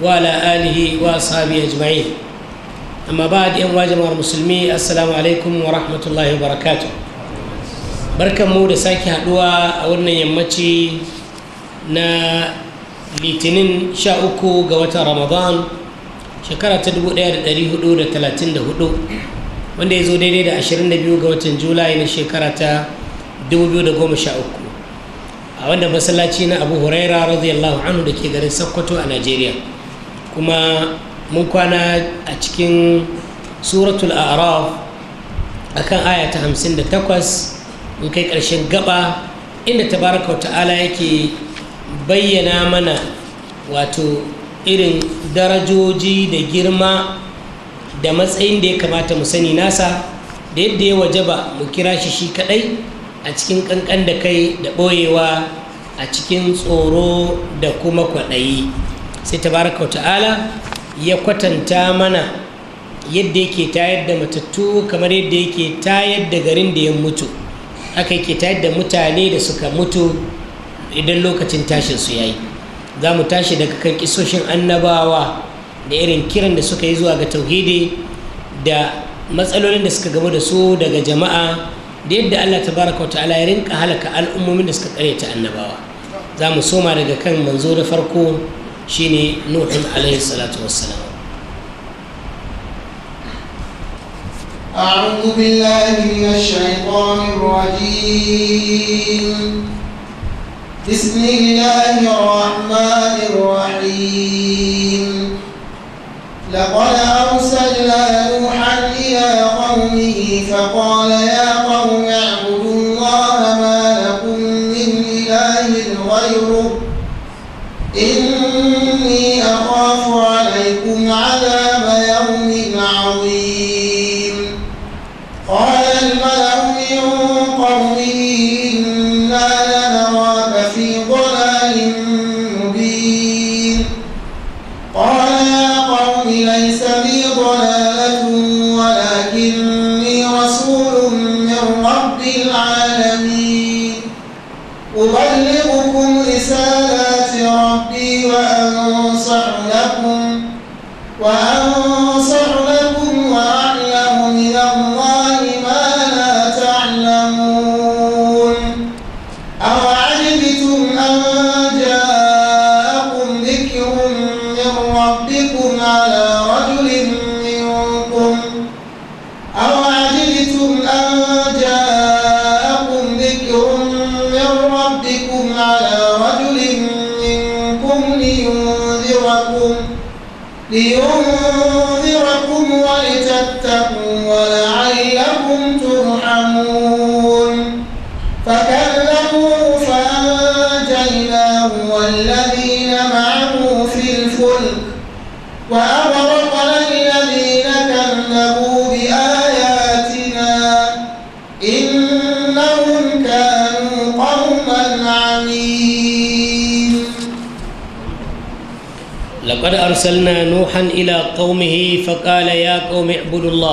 وعلى آله وأصحابه أجمعين أما بعد يا مواجمة المسلمين السلام عليكم ورحمة الله وبركاته بركة مودة ساكي هدوى أولنا يمتي نا litinin sha uku ga watan ramadan shekara ta dubu ɗaya da ɗari hudu da da wanda ya zo daidai da ashirin ga watan julai na shekara ta dubu a wanda masallaci na abu huraira radiyallahu anhu da ke garin sokoto a najeriya kuma mun kwana a cikin suratul araf akan aya ta takwas, in kai ƙarshen gaba inda tabaraka ta'ala yake bayyana mana wato irin darajoji da girma da matsayin da ya kamata mu sani nasa da yadda ya waje ba mu kira shi shi kadai a cikin kankan da kai da ɓoyewa a cikin tsoro da kuma kwaɗayi sai tabaraka ta'ala ya kwatanta mana yadda yake tayar da matattu kamar yadda yake tayar da garin da ya mutu haka yake tayar da mutane da suka mutu idan lokacin tashin su yayi za mu tashi daga kan kisoshin annabawa da irin kiran da suka yi zuwa ga tauhidi da matsalolin da suka gamu da su daga jama'a da yadda allah wata ta'ala ya rinka halaka al'ummomin da suka ta annabawa za mu soma daga kan manzo da farko شيني نوح عليه الصلاة والسلام أعوذ بالله من الشيطان الرجيم بسم الله الرحمن الرحيم لقد أرسلنا نوحا إلى قومه فقال يا إني رسول من رب العالمين أبلغكم رسالات ربي وأنصح لكم وأنصح لكم وأعلم من الله ما لا تعلمون أوعجبتم أن جاءكم ذكر من ربكم على لينذركم ولتتقوا ولعلكم ترحمون فكذبوا فأنجيناه والذين معه في الفلك وأغرقنا الذين كذبوا بآياتنا إنهم كانوا قوما عمين لقد أرسلنا نوحا إلى قومه فقال يا قوم اعبدوا الله